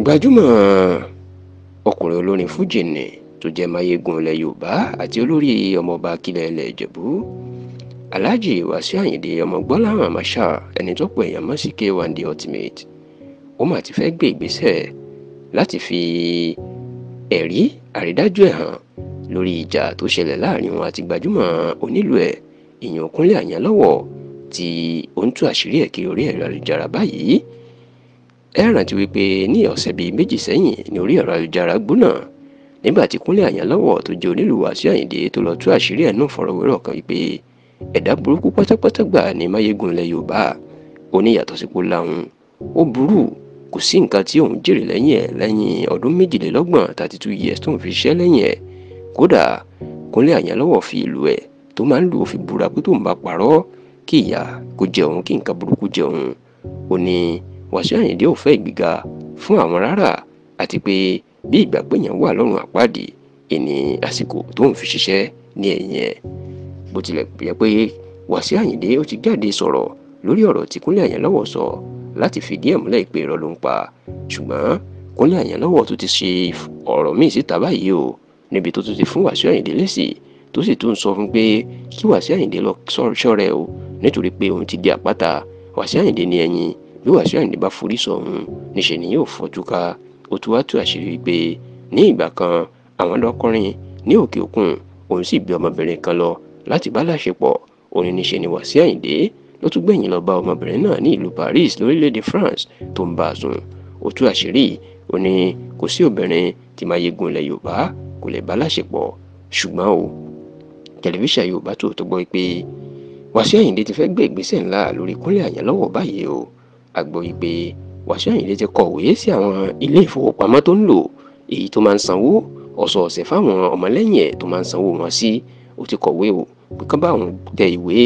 gbajúmọ̀ ọkùnrin olórin fújì ni tó jẹ́ mayegun ilẹ̀ yorùbá àti olórí ọmọọba akílẹ̀ ilẹ̀ ìjẹ̀bú alhaji wàsíù àyìndé ọmọ gbọ́láhàn àmàṣà ẹni tó pè èèyàn mọ́ sí k1 the ultimate ó mà ti fẹ́ gbé ìgbésẹ̀ láti fi ẹ̀rí àrídájú ẹ̀ hàn lórí ìjà tó ṣẹlẹ̀ láàrin wọn àti gbajúmọ̀ onílù ẹ̀ èèyàn kúnlé àyànlọ́wọ́ tí ó ń tú àṣírí ẹ̀ kiri orí ẹ̀rọ ayélujára báyìí ẹ rántí wípé ní ọ̀sẹ̀ bíi méjì sẹ́yìn ní orí ẹ̀rọ ayélujára gbóná nígbà tí Kúnlé Àyànlọ́wọ́ tó jẹ́ onílù Wàsíù Àyìndé tó lọ tú àṣírí ẹ̀ náà fọ̀rọ̀wérọ̀ kan wípé ẹ̀dá burúkú pátápátá gbà ní máyégun ilẹ̀ Yorùbá ó ní yàtọ̀ sípò lahun ó burú kò sí nǹkan tí òun jèrè lẹ́yìn ẹ̀ lẹ́yìn ọdún méjìlélọ́gbọ̀n thirty two years tóun fi ṣiṣẹ́ lẹ́yìn ẹ̀ kódà Kúnlé Àyànlọ́wọ́ fi ìlú ẹ̀ tó máa ń lò fi búra pé tóun bá parọ́ kí ìyà kó jẹ kí nǹkan burúkú jẹ ó ní wàṣíù àyìndé ò fẹ́ ìgbéga fún àwọn rárá àti pé bí ìgbà péyàn wà lọ́rùn àpáàdì ìní àsìkò tó ń fi ṣiṣẹ́ ní ẹ̀yìn ẹ̀ bó tilẹ̀ yẹ pé wàṣíù àyìndé ó ti jáde sọ̀rọ̀ lórí ọ̀rọ̀ tí kúnlé àyànlọ́wọ́ sọ láti fìdí ẹ̀ múlẹ̀ pé irọ́ ló ń pa ṣùgbọ́n kúnlé àyànlọ́wọ́ tó ti ṣe ọ̀rọ̀ míì síta báyìí o níbi tó tún ti fún wàṣíù àyìndé lésì tó sì tún sọ fún pé kí wàṣíù àyìndé lọ ṣọ́rẹ́ o nítorí pé òun ti di àpáta wàṣíù àyìndé ní ẹ̀yìn bí Wàsíù Àyìndé bá forí sọ̀hún níṣẹ́ ni yóò fọ́jú ká ó tún wá tú àṣírí wípé ní ìgbà kan àwọn lọ́kọrin ní òkè òkun òun sì bí ọmọbìnrin kan lọ láti bá láṣepọ̀ òun níṣẹ́ ni Wàsíù Àyìndé ló tún gbẹ̀yìn lọ bá ọmọbìnrin náà ní ìlú Paris lórílẹ̀‐èdè France tó ń bá a sùn ó tú àṣírí ó ní kò sí obìnrin tí máa yegun ilẹ̀ Yorùbá kò lè bá láṣepọ̀ ṣùgbọ́n o tẹlifíṣàn Yorùbá Tòótọ́ gbọ́ pé Wàsíù Àyìndé ti fẹ́ gbé ìgbésẹ̀ ńlá lórí Kúnlé Àyànlọ́wọ́ báyìí o a gbọ́ yí pé Wàsíù Àyìndé ti kọ̀wé sí àwọn ilé ìfowópamọ́ tó ń lò èyí tó máa ń sanwó ọ̀sọ̀ọ̀sẹ̀ fáwọn ọmọlẹ́yìn ẹ̀ tó máa ń sanwó wọn sí ó ti kọ̀wé o pé kán bá òun tẹ ìwé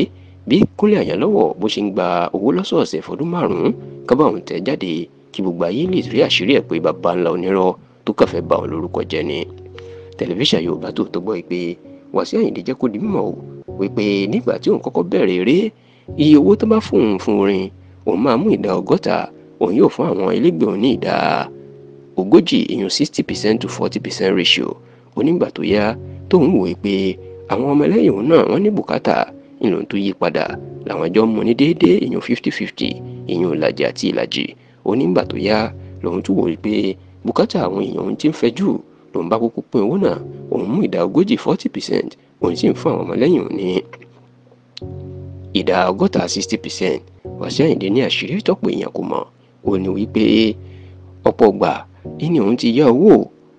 bí Kúnlé Àyànlọ́wọ́ bó ṣe ń gba owó lọ́sọ̀ọ̀sẹ̀ fọdún márùn-ún kán bá òun tẹ̀ jáde kí gbogbo ayé lè rí àṣírí ẹ̀ pé bàbá ńlá onírọ́ tó kàn fẹ́ bà òun lórúkọ jẹ́ ni tẹlifíṣàn Yorùbá tó tó gbọ́ pé Wàsíù Àyìndé jẹ́ kó di mímọ̀ o wípé nígbà tí òun kọ́kọ́ bẹ̀rẹ̀ eré iye owó tó bá fóun fún orin òun máa mú ìdá ọgọ́ta òun yóò fún àwọn ẹlẹgbẹ́ òun ní ìdá ogójì ìyún sixty percent to forty percent ratio onígbà tó yá tóun wòye pé àwọn ọmọlẹ́yìn òun náà wọ́n ní bùkátà ìlòun tó yí padà làwọn jọ ń ní déédéé ìyún fifty fifty ìyún ìlàjì àti ìlàjì onígbà tó yá lòun tún wòye pé bùkátà àwọn èèyàn òun ti ń fẹ́ jù lòun bá kúkú pín owó náà òun mú ìdá ogójì forty percent òun sì ń fún àwọn ọmọlẹ́yìn òun ní ìdá ọgọ́ta sixty percent Wàsíù Àyìndé ní àṣírí tọ́pọ̀ èèyàn kò mọ̀ ó ní wípé ọ̀pọ̀ gbà ìní òun ti yá owó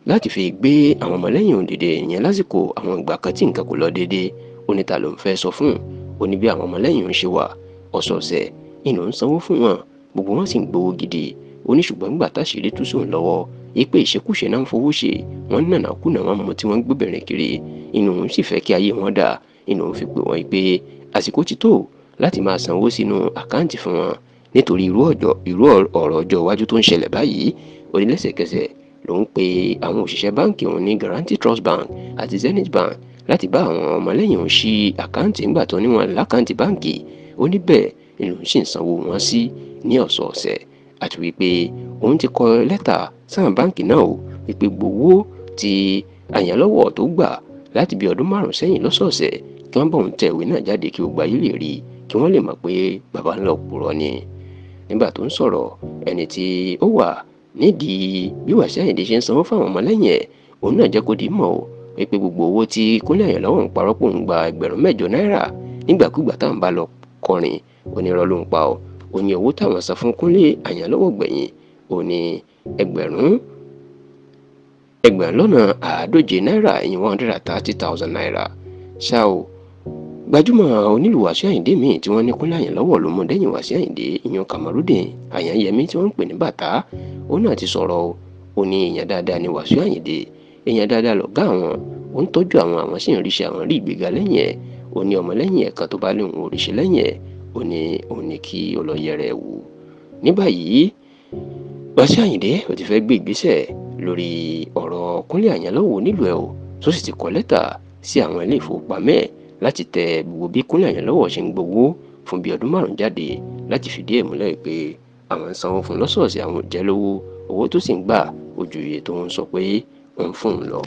láti fi gbé àwọn ọmọlẹ́yìn òun dìde ìyẹn lásìkò àwọn ìgbà kan tí nǹkan kò lọ dédé oníta ló ń fẹ́ sọ fún un ó ní bí àwọn ọmọlẹ́yìn òun ṣe wà ọ̀sọ̀ọ̀sẹ̀ ìní òun sanwó fún wọn gbogbo wọn sì ń gbowó gidi ó ní ṣùgbọ́n nígbà táṣìírí tú sóun lọ́wọ́ ipe ìṣekúṣe náà ń fowó ṣe wọn nànà kùnà wọn mọ tí wọn ń gbóbìnrin kiri inú òun sì fẹ́ kí ayé wọn dà inú òun fi pè wọ́n pé àsìkò ti tó láti máa sanwó sínú àkáǹtì fún wọn nítorí irú ọ̀rọ̀ ọjọ́ iwájú tó ń ṣẹlẹ̀ báyìí onílẹ̀sẹ̀kẹsẹ̀ ló ń pe àwọn òṣìṣẹ́ báǹkì òun ní Guaranty Trust Bank àti Zenith Bank láti bá àwọn ọmọlẹ́yìn òun ṣí àkáǹtì ńgbà tó ní wọn lákáǹtì báǹkì ó ní bẹ́ẹ̀ ni lòun sì ń sanwó wọn sí ní ọ̀sọ̀ọ̀sẹ̀ àti wípé òun ti kọ lẹ́tà sáwọn báǹkì náà o wípé gbowó ti àyànlọ́wọ́ tó gbà láti bí ọdún márùn-ún sẹ́yìn lọ́sọ̀ọ̀sẹ̀ kí wọ́n bọ̀ ń tẹ̀wé náà jáde kí gbogbo ayé lè rí i kí wọ́n lè mọ̀ pé bàbá ńlá òpùrọ̀ ni nígbà tó ń sọ̀rọ̀ ẹni tí ó wà nídìí bí Wasiu Ayinde ṣe ń sanwó fáwọn ọmọlẹ́yìn ẹ̀ òun náà jẹ́ kó di mọ̀ o pé gbogbo owó tí Kúnlé Àyànlọ́wọ́ ń parọ́ pò ń gba ẹgbẹ̀rún mẹ́jọ náírà nígbàkúgbà táwọn bá lọ kọrin onírọ́ ló ń pa ọ́ òní owó táwọn san fún Kúnlé Àyànlọ́wọ́ gbẹ̀yìn òní ẹgbẹ̀rún ẹgbẹ̀rún lọ́nà àádóje náírà ìyẹn hundred and thirty thousand naira ṣáà o gbajúmọ̀ onílù Wàsíù Àyìndé míì tí wọ́n ní kúnlẹ̀ àyàn lọ́wọ́ ló mú dẹ́yìn Wàsíù Àyìndé ìyan Kamarudeen Àyànyẹmí tí wọ́n ń pè ní bàtà òun náà ti sọ̀rọ̀ o ó ní èèyàn dáadáa ní Wàsíù Àyìndé èèyàn dáadáa lọ̀gá àwọn ó ń tọ́jú àwọn àwọn sì ń ríṣẹ́ àwọn rí ìgbéga lẹ́yìn ẹ̀ ó ní ọmọlẹ́yìn ẹ̀ kan tó bá lóun ò lẹ́yìn ẹ̀ láti tẹ gbogbo bí Kúnlé Àyànlọ́wọ́ ṣe ń gbowó fún bíi ọdún márùn-ún jáde láti fìdí ẹ̀ múlẹ̀ pé àwọn ń sanwó fún lọ́sọ̀ọ̀sẹ̀ àwọn ò lówó owó tó sì ń gbà ojú iye tó ń sọ pé ń fún un lọ.